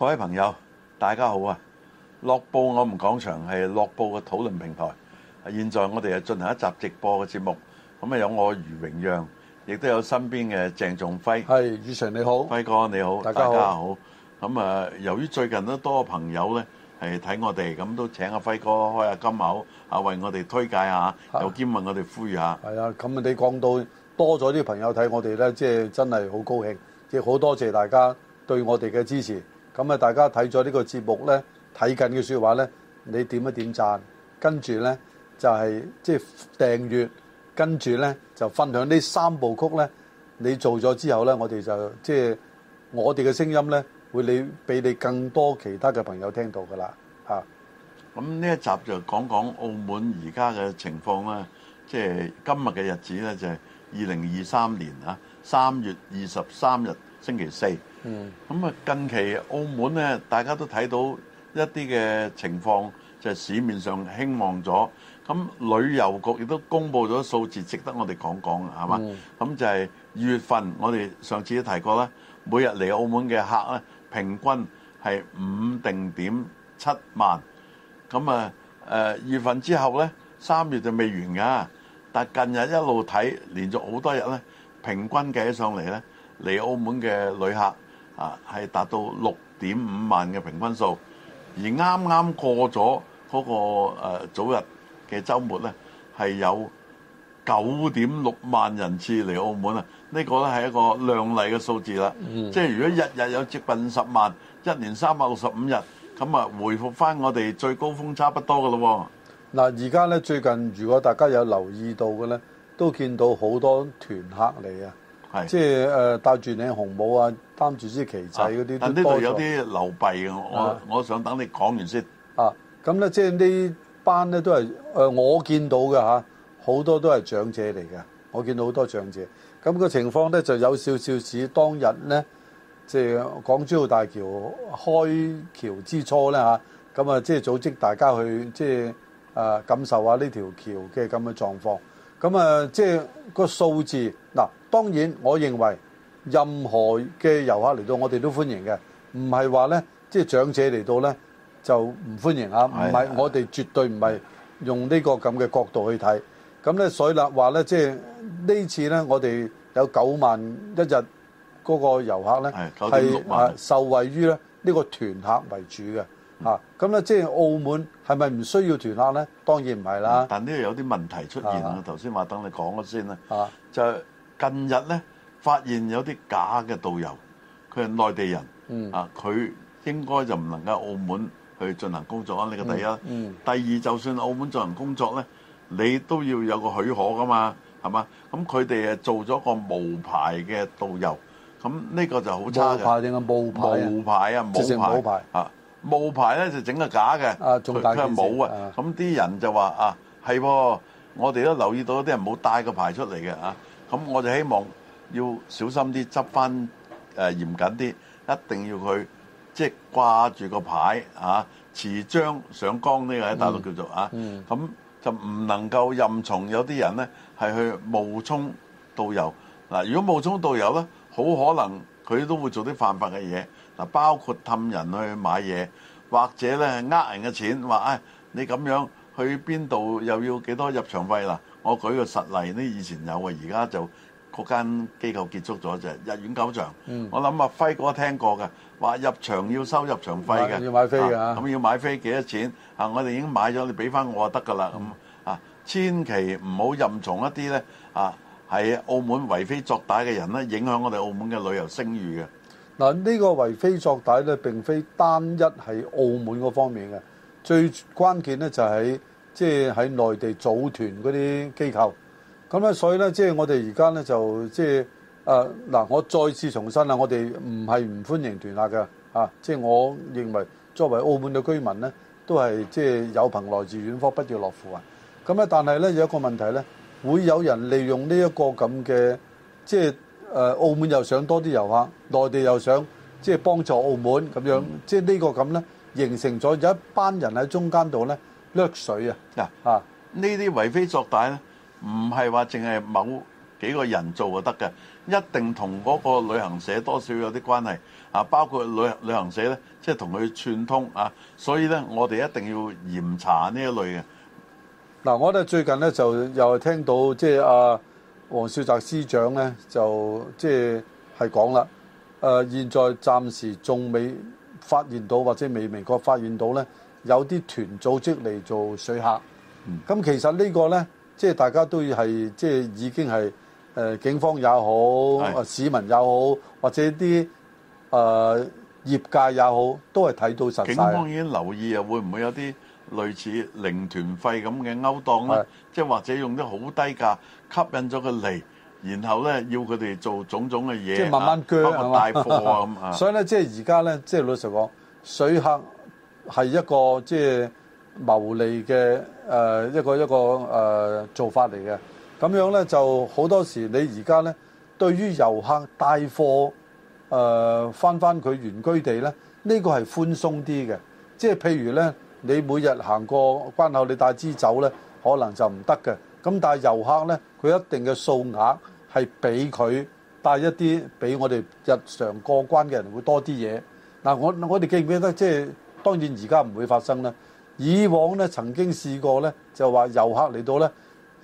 各位朋友，大家好啊！Board，樂報我哋講場，係樂報嘅討論平台。啊，現在我哋係進行一集直播嘅節目。咁啊，有我余榮讓，亦都有身邊嘅鄭仲輝。係，宇晨你好，輝哥你好，大家好。咁啊，由於最近都多朋友咧，係睇我哋，咁都請阿輝哥開下金口啊，為我哋推介下，又兼問我哋呼籲下。係啊，咁啊，你講到多咗啲朋友睇我哋咧，即係真係好高興，即係好多謝大家對我哋嘅支持。咁啊，大家睇咗呢個節目呢，睇緊嘅説話呢，你點一點讚，跟住呢，就係即係訂閱，跟住呢，就分享呢三部曲呢。你做咗之後呢，我哋就即係、就是、我哋嘅聲音呢，會你俾你更多其他嘅朋友聽到噶啦嚇。咁呢一集就講講澳門而家嘅情況啦，即、就、係、是、今日嘅日子呢，就係二零二三年啊三月二十三日星期四。嗯，咁啊，近期澳門咧，大家都睇到一啲嘅情況，就係市面上興旺咗。咁旅遊局亦都公布咗數字，值得我哋講講，係嘛？咁就係二月份，我哋上次都提過啦。每日嚟澳門嘅客咧，平均係五定點七萬。咁啊，誒二月份之後咧，三月就未完㗎。但近日一路睇，連續好多日咧，平均計起上嚟咧，嚟澳門嘅旅客。啊，係達到六點五萬嘅平均數，而啱啱過咗嗰個早日嘅週末呢，係有九點六萬人次嚟澳門啊！呢個咧係一個靚麗嘅數字啦。即係如果日日有接近十萬，一年三百六十五日，咁啊回復翻我哋最高峰差不多嘅咯。嗱，而家呢，最近如果大家有留意到嘅呢，都見到好多團客嚟啊！係即係誒，戴住頂紅帽啊，擔住支旗仔嗰啲、啊。但呢度有啲流弊啊。我吧我想等你講完先。啊，咁咧即係呢班咧都係誒，我見到嘅吓，好多都係長者嚟嘅。我見到好多長者，咁、那個情況咧就有少少似當日咧，即、就、係、是、港珠澳大橋開橋之初咧吓，咁啊即係、就是、組織大家去即係誒感受下呢條橋嘅咁嘅狀況。咁啊即係個數字。嗱，當然，我認為任何嘅遊客嚟到我哋都歡迎嘅，唔係話咧，即係長者嚟到咧就唔歡迎嚇，唔係我哋絕對唔係用呢個咁嘅角度去睇。咁咧所以話咧，即係呢次咧，我哋有九萬一日嗰個遊客咧係受惠於咧呢個團客為主嘅嚇。咁咧即係澳門係咪唔需要團客咧？當然唔係啦。但呢度有啲問題出現啊！頭先話等你講咗先啦。啊，就係。近日咧，發現有啲假嘅導遊，佢係內地人啊，佢應該就唔能夠澳門去進行工作啊。呢個第一，第二，就算澳門進行工作咧，你都要有個許可㗎嘛，係咪？咁佢哋誒做咗個無牌嘅導遊，咁呢個就好差嘅無牌定係無牌啊？無牌啊！無牌啊！無牌啊！無牌咧就整個假嘅啊，仲假佢係冇啊。咁啲人就話啊，係噃，我哋都留意到有啲人冇帶個牌出嚟嘅啊。咁我就希望要小心啲，執翻誒嚴緊啲，一定要佢即係掛住個牌啊，持章上崗呢個喺大陸叫做、嗯、啊。咁、嗯、就唔能夠任從有啲人呢係去冒充導遊。嗱、啊，如果冒充導遊呢，好可能佢都會做啲犯法嘅嘢。嗱、啊，包括氹人去買嘢，或者呢呃人嘅錢，話唉、哎、你咁樣去邊度又要幾多入場費啦。我舉個實例咧，以前有嘅，而家就嗰間機構結束咗就係逸園狗場。我諗阿輝哥聽過嘅，話入場要收入場費嘅，要買飛㗎嚇。咁要買飛幾多錢？啊，我哋已經買咗，你俾翻我就得㗎啦。咁啊，千祈唔好任從一啲咧啊，係澳門為非作歹嘅人咧，影響我哋澳門嘅旅遊聲譽嘅。嗱，呢個為非作歹咧，並非單一係澳門嗰方面嘅，最關鍵咧就係。即係喺內地組團嗰啲機構，咁咧所以咧，即係我哋而家咧就即係啊嗱，我再次重申喇，我哋唔係唔歡迎團客嘅嚇，即係我認為作為澳門嘅居民咧，都係即係有朋來自遠方不亦樂乎啊！咁咧，但係咧有一個問題咧，會有人利用呢一個咁嘅即係誒澳門又想多啲遊客，內地又想即係幫助澳門咁樣，即係呢個咁咧，形成咗有一班人喺中間度咧。掠水啊！嗱啊，呢啲為非作歹咧，唔係話淨係某幾個人做就得嘅，一定同嗰個旅行社多少有啲關係啊！包括旅旅行社咧，即係同佢串通啊！所以咧，我哋一定要嚴查呢一類嘅。嗱、啊，我哋最近咧就又聽到即係阿黃少澤司長咧就即係係講啦，誒、就是啊，現在暫時仲未發現到或者未明確發現到咧。有啲團組織嚟做水客，咁、嗯、其實呢個呢，即係大家都係即係已經係警方也好，是市民也好，或者啲誒、呃、業界也好，都係睇到實在。警方已經留意啊，會唔會有啲類似零團費咁嘅勾當呢？是即係或者用啲好低價吸引咗佢嚟，然後呢要佢哋做種種嘅嘢，即慢慢鋸大貨咁？所以呢，即係而家呢，即係老實講，水客。係一個即係牟利嘅誒一個一個誒做法嚟嘅。咁樣呢，就好多時，你而家呢，對於遊客帶貨誒翻翻佢原居地呢，呢個係寬鬆啲嘅。即係譬如呢，你每日行過關口，你帶支酒呢，可能就唔得嘅。咁但係遊客呢，佢一定嘅數額係俾佢帶一啲，比我哋日常過關嘅人會多啲嘢。嗱，我我哋記唔記得即係？當然而家唔會發生啦。以往咧曾經試過咧，就話遊客嚟到咧，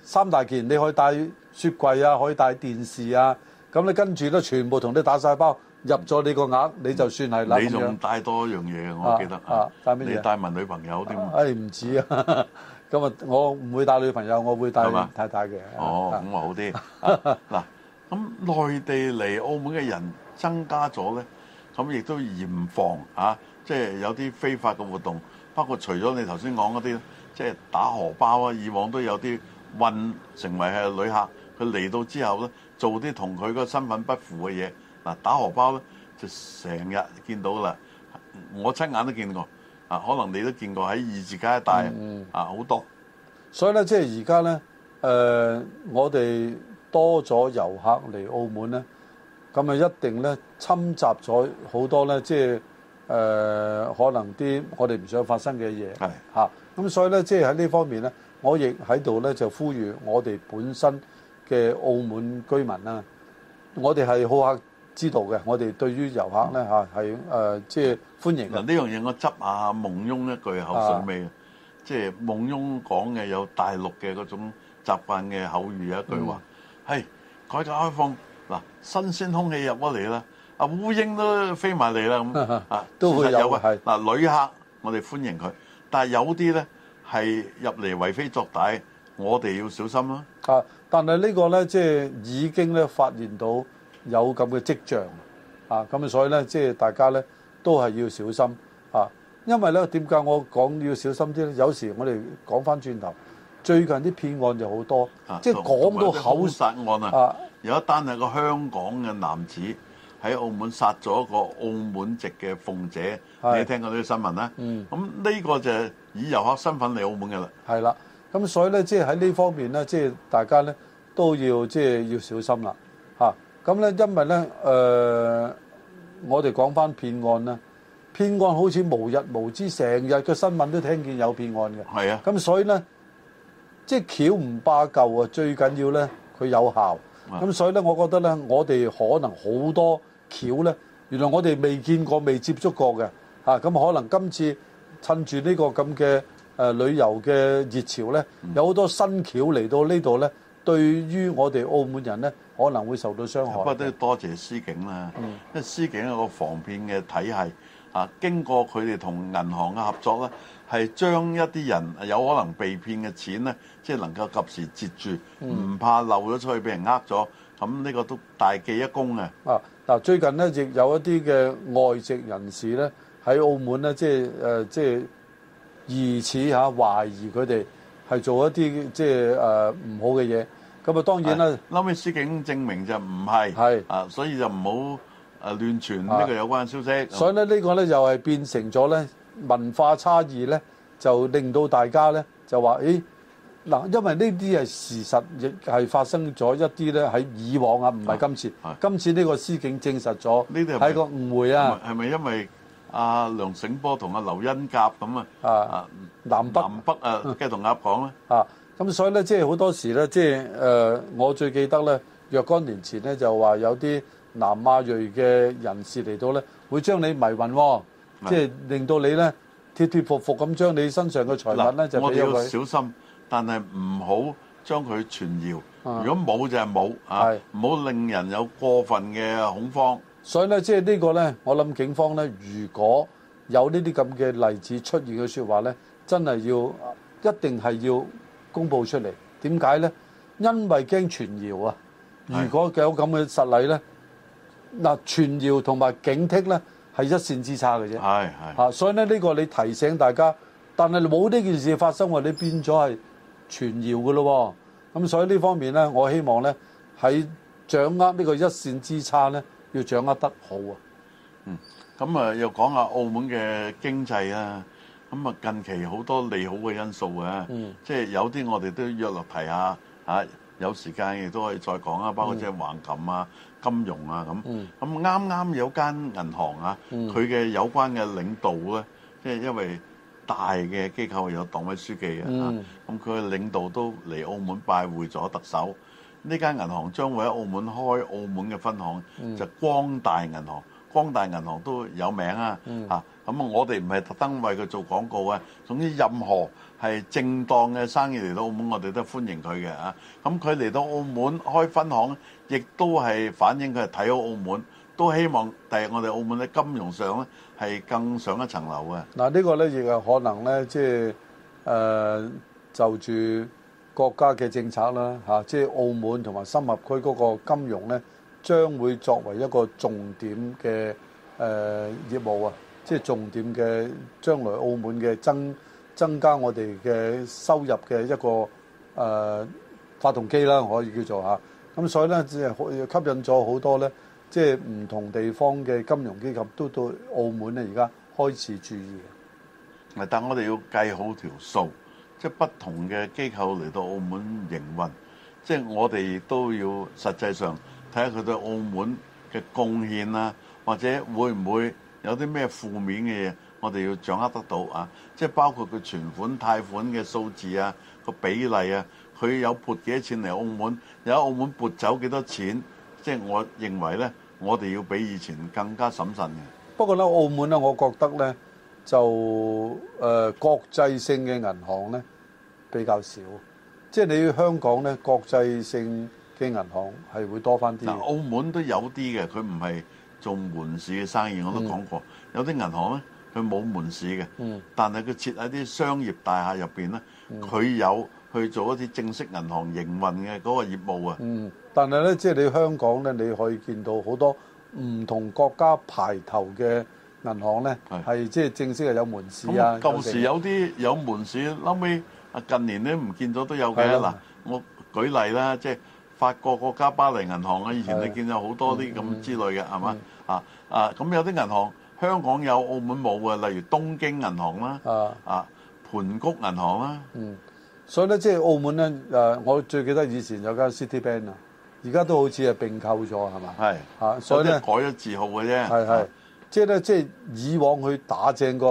三大件你可以帶雪櫃啊，可以帶電視啊，咁你跟住咧全部同你打晒包入咗你個額，嗯、你就算係啦。你仲帶多一樣嘢啊？我記得啊，啊帶你帶埋女朋友添嘛？誒唔似啊！咁、哎、啊，吧 我唔會帶女朋友，我會帶太太嘅。吧啊、哦，咁啊好啲。嗱、 啊，咁內地嚟澳門嘅人增加咗咧，咁亦都嚴防啊！即係有啲非法嘅活動，不過除咗你頭先講嗰啲，即係打荷包啊，以往都有啲運成為係旅客，佢嚟到之後咧，做啲同佢個身份不符嘅嘢。嗱打荷包咧，就成日見到啦，我親眼都見過，啊可能你都見過喺二字街一帶啊好，嗯嗯、很多，所以咧即係而家咧，誒、呃、我哋多咗遊客嚟澳門咧，咁啊一定咧侵襲咗好多咧即係。誒、呃、可能啲我哋唔想發生嘅嘢，咁是的、啊、所以咧，即係喺呢方面咧，我亦喺度咧就呼籲我哋本身嘅澳門居民啦，我哋係好客之道嘅，我哋對於遊客咧係即係歡迎。嗱，呢樣嘢我執下，蒙雍一句口水尾，啊、即係蒙雍講嘅有大陸嘅嗰種習慣嘅口語一句話，係、嗯哎、改革開放嗱、啊，新鮮空氣入咗嚟啦。啊，烏蠅都飛埋嚟啦，咁啊， 都會有嗱旅的、呃、客，我哋歡迎佢，但係有啲咧係入嚟為非作歹，我哋要小心啦。啊，但係呢個咧即係已經咧發現到有咁嘅跡象，啊咁啊所以咧即係大家咧都係要小心啊，因為咧點解我講要小心啲咧、啊？有時我哋講翻轉頭，最近啲騙案就好多，即係講到口實案啊，啊有一單係個香港嘅男子。喺澳門殺咗個澳門籍嘅鳳姐，的你聽過呢啲新聞啦？嗯，咁呢個就以遊客身份嚟澳門嘅啦。係啦，咁所以咧，即係喺呢方面咧，即係大家咧都要即係要小心啦。咁、啊、咧因為咧誒、呃，我哋講翻騙案啦，騙案好似無日無之，成日嘅新聞都聽見有騙案嘅。啊的，咁所以咧，即係橋唔怕舊啊，最緊要咧佢有效。咁的所以咧，我覺得咧，我哋可能好多。橋咧，原來我哋未見過、未接觸過嘅咁、啊、可能今次趁住呢個咁嘅誒旅遊嘅熱潮咧，嗯、有好多新橋嚟到呢度咧，對於我哋澳門人咧，可能會受到傷害。不過多謝司警啦，因、嗯、司警有個防騙嘅體系啊，經過佢哋同銀行嘅合作咧，係將一啲人有可能被騙嘅錢咧，即、就、係、是、能夠及時截住，唔、嗯、怕漏咗出去俾人呃咗。咁呢個都大記一功嘅。啊！嗱，最近咧亦有一啲嘅外籍人士咧喺澳門咧，即係誒，即係疑似嚇懷疑佢哋係做一啲即係誒唔好嘅嘢。咁啊，當然啦，後尾司警證明就唔係，係啊是，所以就唔好誒亂傳呢個有關消息。所以咧，呢個咧又係變成咗咧文化差異咧，就令到大家咧就話誒。哎嗱，因為呢啲係事實，亦係發生咗一啲咧喺以往啊，唔係今次。今次呢個司警證實咗，呢係個誤會啊。係咪因為阿梁醒波同阿劉恩甲咁啊？啊，南北北啊，雞同鴨講啦。啊，咁所以咧，即係好多時咧，即係誒，我最記得咧，若干年前咧就話有啲南亞裔嘅人士嚟到咧，會將你迷暈，即係令到你咧，貼貼服服咁將你身上嘅財物咧就俾咗佢。我哋要小心。但係唔好將佢傳謠，如果冇就係冇啊，唔好令人有過分嘅恐慌。所以咧，即係呢個咧，我諗警方咧，如果有呢啲咁嘅例子出現嘅説話咧，真係要一定係要公佈出嚟。點解咧？因為驚傳謠啊！如果有咁嘅實例咧，嗱傳謠同埋警惕咧係一線之差嘅啫。係係啊，所以咧呢個你提醒大家，但係冇呢件事發生，你變咗係。傳謠嘅咯，咁、哦、所以呢方面呢，我希望呢喺掌握呢個一線之差呢，要掌握得好啊。嗯，咁啊又講下澳門嘅經濟啊，咁啊近期好多利好嘅因素啊，嗯、即係有啲我哋都約落提下啊，有時間亦都可以再講啊，包括即係橫琴啊、金融啊咁。咁啱啱有間銀行啊，佢嘅、嗯、有關嘅領導呢、啊，即係因為。大嘅機構有黨委書記啊，咁佢、嗯、領導都嚟澳門拜會咗特首。呢間銀行將會喺澳門開澳門嘅分行，嗯、就光大銀行。光大銀行都有名、嗯、啊，嚇！咁我哋唔係特登為佢做廣告啊。總之，任何係正當嘅生意嚟到澳門，我哋都歡迎佢嘅啊。咁佢嚟到澳門開分行，亦都係反映佢係睇好澳門。都希望第日我哋澳門咧金融上咧係更上一層樓嘅。嗱，呢個咧亦係可能咧，即係誒就住、是呃、國家嘅政策啦，吓、啊，即、就、係、是、澳門同埋深合區嗰個金融咧，將會作為一個重點嘅誒、呃、業務啊，即、就、係、是、重點嘅將來澳門嘅增增加我哋嘅收入嘅一個誒、呃、發動機啦，可以叫做吓咁、啊、所以咧，只係可吸引咗好多咧。即係唔同地方嘅金融機構都對澳門咧，而家開始注意。但我哋要計好條數，即係不同嘅機構嚟到澳門營運，即係我哋都要實際上睇下佢對澳門嘅貢獻啊，或者會唔會有啲咩負面嘅嘢，我哋要掌握得到啊！即係包括佢存款、貸款嘅數字啊，個比例啊，佢有撥幾多錢嚟澳門，有喺澳門撥走幾多錢。即係我認為咧，我哋要比以前更加審慎嘅。不過咧，澳門咧，我覺得咧，就誒國際性嘅銀行咧比較少。即係你香港咧，國際性嘅銀行係會多翻啲。但澳門都有啲嘅，佢唔係做門市嘅生意，我都講過。有啲銀行咧，佢冇門市嘅，但係佢設喺啲商業大廈入邊咧，佢有。去做一啲正式銀行營運嘅嗰個業務啊！嗯，但係咧，即係你香港咧，你可以見到好多唔同國家排頭嘅銀行咧，係即係正式係有門市啊。咁舊時有啲有門市，後尾近年咧唔見咗都有嘅啦。嗱，我舉例啦，即係法國國家巴黎銀行啊，以前你見有好多啲咁之類嘅係嘛啊啊！咁有啲銀行香港有，澳門冇嘅，例如東京銀行啦，啊，盤谷銀行啦。所以咧，即係澳門咧，誒，我最記得以前有間 City Bank 啊，而家都好似係並購咗，係嘛？係，嚇，所以咧改咗字號嘅啫。係係，即係咧，即係以往去打正個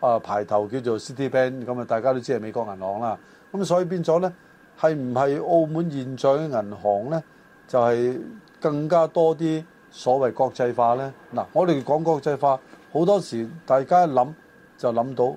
誒牌頭叫做 City Bank，咁啊，大家都知係美國銀行啦。咁所以變咗咧，係唔係澳門現在嘅銀行咧，就係更加多啲所謂國際化咧？嗱，我哋講國際化，好多時大家諗就諗到。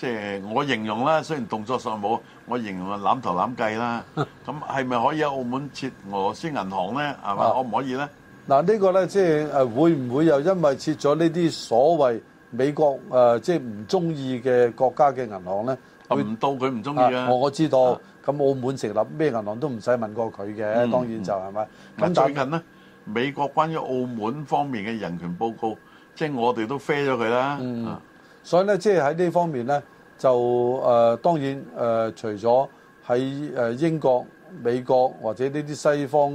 即係我形容啦，雖然動作上冇，我形容話攬頭攬計啦。咁係咪可以喺澳門設俄羅斯銀行咧？係嘛，可唔、啊、可以咧？嗱，呢個咧即係誒會唔會又因為設咗呢啲所謂美國誒、呃、即係唔中意嘅國家嘅銀行咧？會唔到佢唔中意啊？我知道咁、啊、澳門成立咩銀行都唔使問過佢嘅，嗯、當然就係、是、咪？咁、嗯、吧最近咧，美國關於澳門方面嘅人權報告，即係我哋都飛咗佢啦。嗯所以咧，即係喺呢方面呢，就誒當然誒，除咗喺英國、美國或者呢啲西方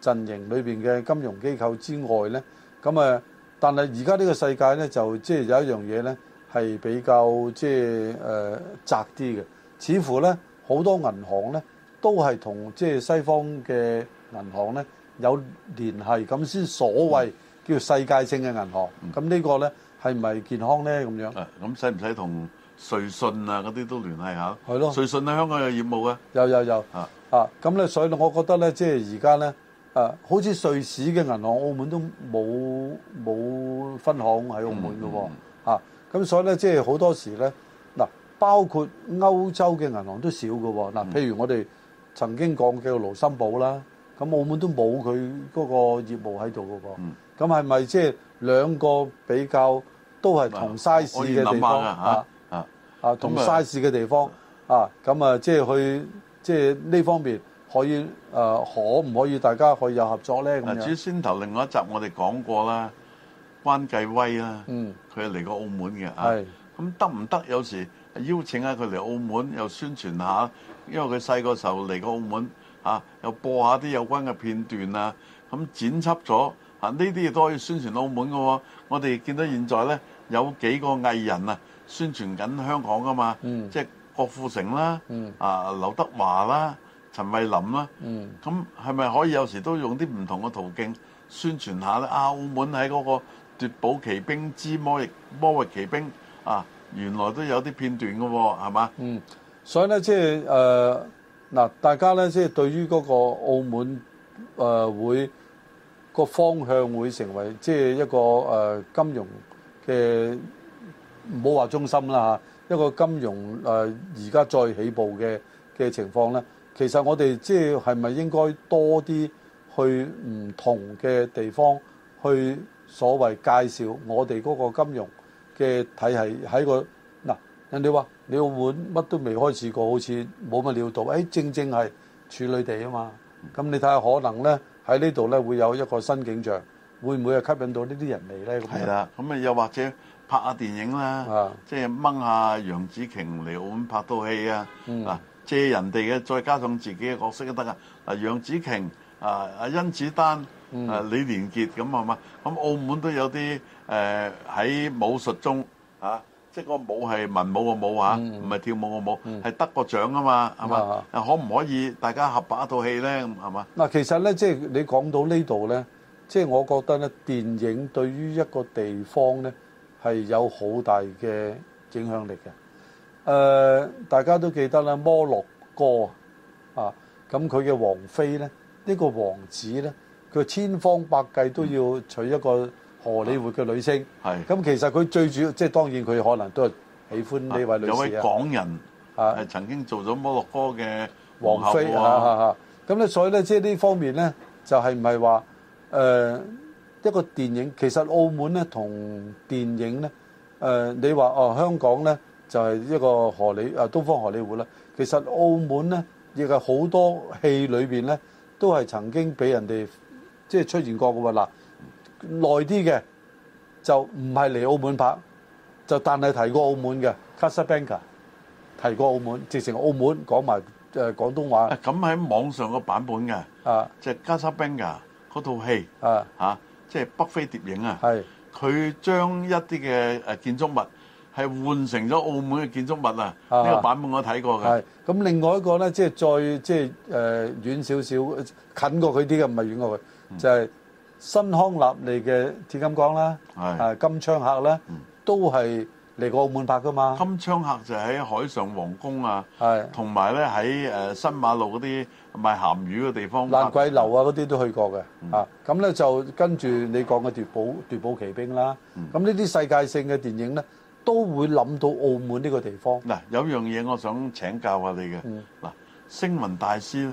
陣營裏面嘅金融機構之外呢，咁誒，但係而家呢個世界呢，就即係有一樣嘢呢係比較即係誒窄啲嘅。似乎呢好多銀行呢都係同即係西方嘅銀行呢有聯繫咁先所謂叫世界性嘅銀行。咁呢個呢。係唔係健康咧？咁樣啊，咁使唔使同瑞信啊嗰啲都聯繫下？係咯，瑞信喺香港有業務嘅，有有有啊啊！咁咧，所以呢，我覺得咧，即係而家咧，誒，好似瑞士嘅銀行，澳門都冇冇分行喺澳門㗎喎啊！咁所以咧，即係好多時咧，嗱，包括歐洲嘅銀行都少㗎喎，哦。嗱，啊，譬如我哋曾經講嘅盧森堡啦。咁澳門都冇佢嗰個業務喺度嗰個，咁係咪即係兩個比較都係同 size 嘅地方啊？啊，同 size 嘅地方啊，咁啊，即係去即係呢方面可以誒，可唔可以大家可以有合作咧？咁、嗯、至於先頭另外一集我哋講過啦，關繼威啊，佢係嚟過澳門嘅，咁得唔得？有時邀請下佢嚟澳門又宣傳下，因為佢細個時候嚟過澳門。啊！又播下啲有關嘅片段啊，咁剪輯咗啊，呢啲亦都可以宣傳澳門㗎喎。我哋見到現在呢，有幾個藝人啊宣傳緊香港㗎嘛，即係郭富城啦，啊劉德華啦、啊，陳慧琳啦，咁係咪可以有時都用啲唔同嘅途徑宣傳下呢？啊，澳門喺嗰個《奪寶奇兵之魔域魔域奇兵》啊，原來都有啲片段㗎喎、啊，係嘛？嗯，所以呢、就是，即係誒。嗱，大家咧即係對於嗰個澳門誒會個方向會成為即係一個誒金融嘅唔好話中心啦嚇，一個金融誒而家再起步嘅嘅情況咧，其實我哋即係係咪應該多啲去唔同嘅地方去所謂介紹我哋嗰個金融嘅體係喺個？人哋話：你澳門乜都未開始過，好似冇乜料到。誒，正正係處女地啊嘛。咁你睇下可能咧喺呢度咧會有一個新景象，會唔會係吸引到呢啲人嚟咧？係啦，咁啊又或者拍下電影啦，即係掹下楊紫瓊嚟澳門拍套戲啊。嗱，借人哋嘅，再加上自己嘅角色都得噶。嗱，楊紫瓊、啊啊甄子丹、啊李連杰咁係嘛。咁澳門都有啲誒喺武術中啊。即個舞係文武嘅舞嚇，唔係跳舞嘅、啊、舞，係得個獎啊嘛，係、嗯、嘛？啊、可唔可以大家合拍一套戲咧？係嘛？嗱、啊，其實呢，即、就、係、是、你講到呢度呢，即、就、係、是、我覺得呢電影對於一個地方呢係有好大嘅影響力嘅。誒、呃，大家都記得啦，《摩洛哥》啊，咁佢嘅王妃呢，呢、這個王子呢，佢千方百計都要娶一個、嗯。荷里活嘅女星，係咁，其實佢最主要，即係當然佢可能都係喜歡呢位女士啊！有位港人啊，係曾經做咗摩洛哥嘅王妃啊！咁咧，所以咧，即係呢方面咧，就係唔係話誒一個電影？其實澳門咧，同電影咧，誒你話哦，香港咧就係一個荷里啊，東方荷里活啦。其實澳門咧亦係好多戲裏邊咧，都係曾經俾人哋即係出現過㗎嘛。耐啲嘅就唔係嚟澳門拍，就但係提過澳門嘅《Casablanca》，提過澳門，直情澳門講埋誒廣東話。咁喺網上個版本嘅，啊，即係《Casablanca》嗰套戲，啊嚇，即係北非諜影啊，係佢將一啲嘅誒建築物係換成咗澳門嘅建築物啊，呢個版本我睇過嘅。咁另外一個咧，即係再即係誒遠少少，近過佢啲嘅唔係遠過佢，就係。新康納利嘅《鐵金剛》啦，啊《金槍客》咧，都係嚟過澳門拍噶嘛，《金槍客》就喺海上皇宮啊，同埋咧喺誒新馬路嗰啲賣鹹魚嘅地方。蘭桂樓啊嗰啲都去過嘅，啊咁咧就跟住你講嘅奪寶奪寶奇兵啦，咁呢啲世界性嘅電影咧都會諗到澳門呢個地方。嗱，有樣嘢我想請教下你嘅，嗱，星雲大師咧。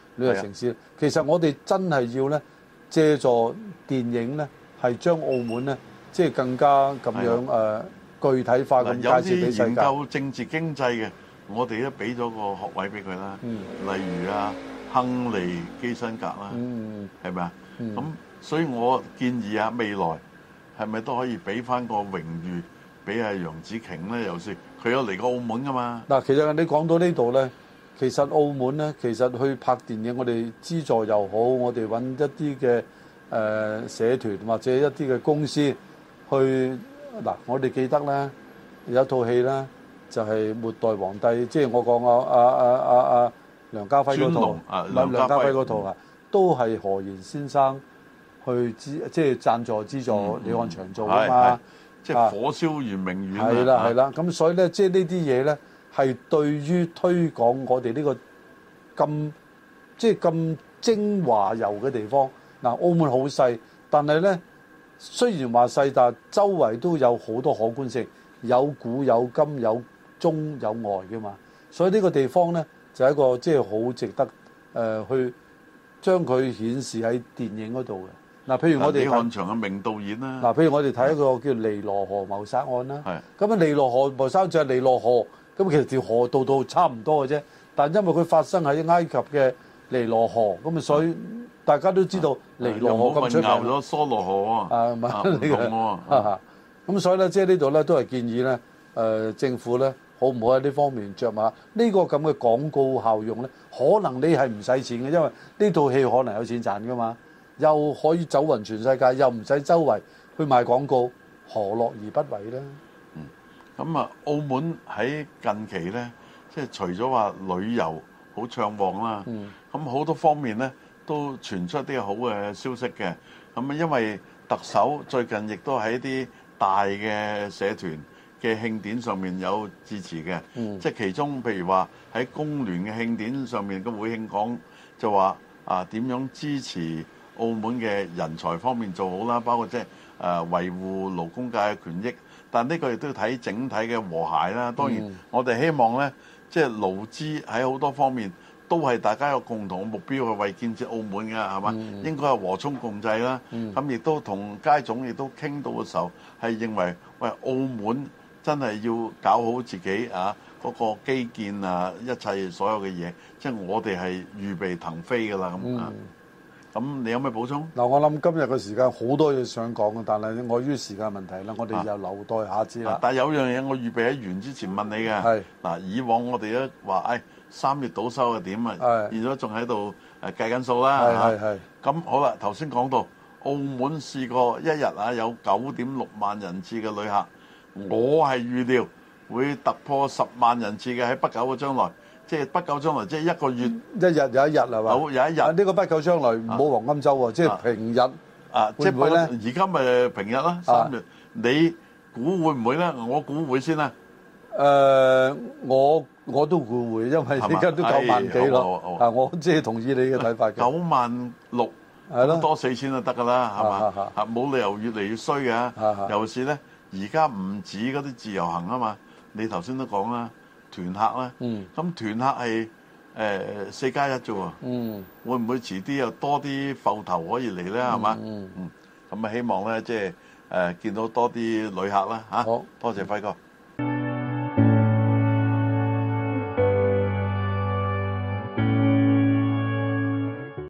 旅遊城市，其實我哋真係要咧，藉助電影咧，係將澳門咧，即係更加咁樣誒具體化。有啲研究政治經濟嘅，我哋都俾咗個學位俾佢啦。例如啊，亨利基辛格啦，係咪啊？咁所以我建議啊，未來係咪都可以俾翻個榮譽俾阿楊紫瓊咧？又係佢有嚟過澳門㗎嘛？嗱，其實你講到呢度咧。其實澳門咧，其實去拍電影，我哋資助又好，我哋揾一啲嘅誒社團或者一啲嘅公司去嗱，我哋記得咧有一套戲咧就係、係《末代皇帝》，即係我講啊，啊啊啊，梁家輝嗰套，圖啊，阿是梁家輝嗰套，咪梁家輝嗰套啊，嗯、都係何賢先生去資即係贊助資助李翰祥做啊嘛，即係火燒圓明園啊，係啦係啦，咁、啊、所以咧即係呢啲嘢咧。係對於推廣我哋呢個咁即係咁精華油嘅地方。嗱，澳門好細，但係呢，雖然話細，但周圍都有好多可觀性，有古有今、有中有外嘅嘛。所以呢個地方呢，就係、是、一個即係好值得誒去將佢顯示喺電影嗰度嘅。嗱、啊，譬如我哋李翰祥嘅名導演啦。嗱、啊，譬如我哋睇一個叫《尼羅河謀殺案》啦的。咁啊，《尼羅河謀殺案》就係《尼羅河》羅河。咁其實條河道道差唔多嘅啫，但因為佢發生喺埃及嘅尼羅河，咁啊所以大家都知道尼羅河咁出名咗，蘇羅、啊、河啊，咁所以咧，即係呢度咧都係建議咧，誒政府咧，好唔好喺呢方面着碼？呢、這個咁嘅廣告效用咧，可能你係唔使錢嘅，因為呢套戲可能有錢賺噶嘛，又可以走勻全世界，又唔使周圍去賣廣告，何樂而不為咧？咁啊，澳門喺近期咧，即係除咗話旅遊好暢旺啦，嗯，咁好多方面咧都傳出一啲好嘅消息嘅。咁啊，因為特首最近亦都喺一啲大嘅社團嘅慶典上面有支持嘅，嗯，即係其中譬如話喺工聯嘅慶典上面嘅會慶講就話啊點樣支持澳門嘅人才方面做好啦，包括即係誒維護勞工界嘅權益。但呢個亦都要睇整體嘅和諧啦。當然，我哋希望呢，即係勞資喺好多方面都係大家有共同嘅目標去為建設澳門嘅，係嘛？應該係和衷共濟啦。咁亦都同街總亦都傾到嘅時候，係認為喂，澳門真係要搞好自己啊嗰個基建啊一切所有嘅嘢，即係我哋係預備騰飛嘅啦咁啊！嗯咁你有咩補充？嗱，我諗今日嘅時間好多嘢想講嘅，但係礙於時間問題啦，我哋又留待下一次啦、啊。但係有樣嘢我預備喺完之前問你嘅。係嗱是，以往我哋都話誒、哎、三月倒收係點啊？係是。而家仲喺度計緊數啦。係，咁好啦，頭先講到澳門試過一日啊有九點六萬人次嘅旅客，嗯、我係預料會突破十萬人次嘅喺不久嘅將來。即係不久將來，即係一個月一日有一日係嘛？有一日呢個不久將來冇黃金周喎，即係平日啊，會唔會咧？而家咪平日啦，三月你估會唔會咧？我估會先啦。誒，我我都估會，因為而家都九萬幾咯。啊，我即係同意你嘅睇法。九萬六，係咯，多四千就得㗎啦，係嘛？冇理由越嚟越衰嘅。尤其是咧，而家唔止嗰啲自由行啊嘛，你頭先都講啦。團客咧，咁、嗯、團客係誒四加一啫喎，嗯、會唔會遲啲有多啲浮頭可以嚟咧？係嘛、嗯，咁啊、嗯、希望咧即係誒見到多啲旅客啦吓，啊、好，多謝輝哥。